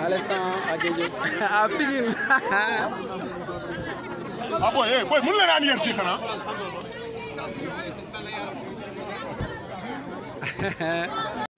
Allez, l'instant, à Guédio. À Pigil. Ah bon, hey, boy, moun la nan yer fi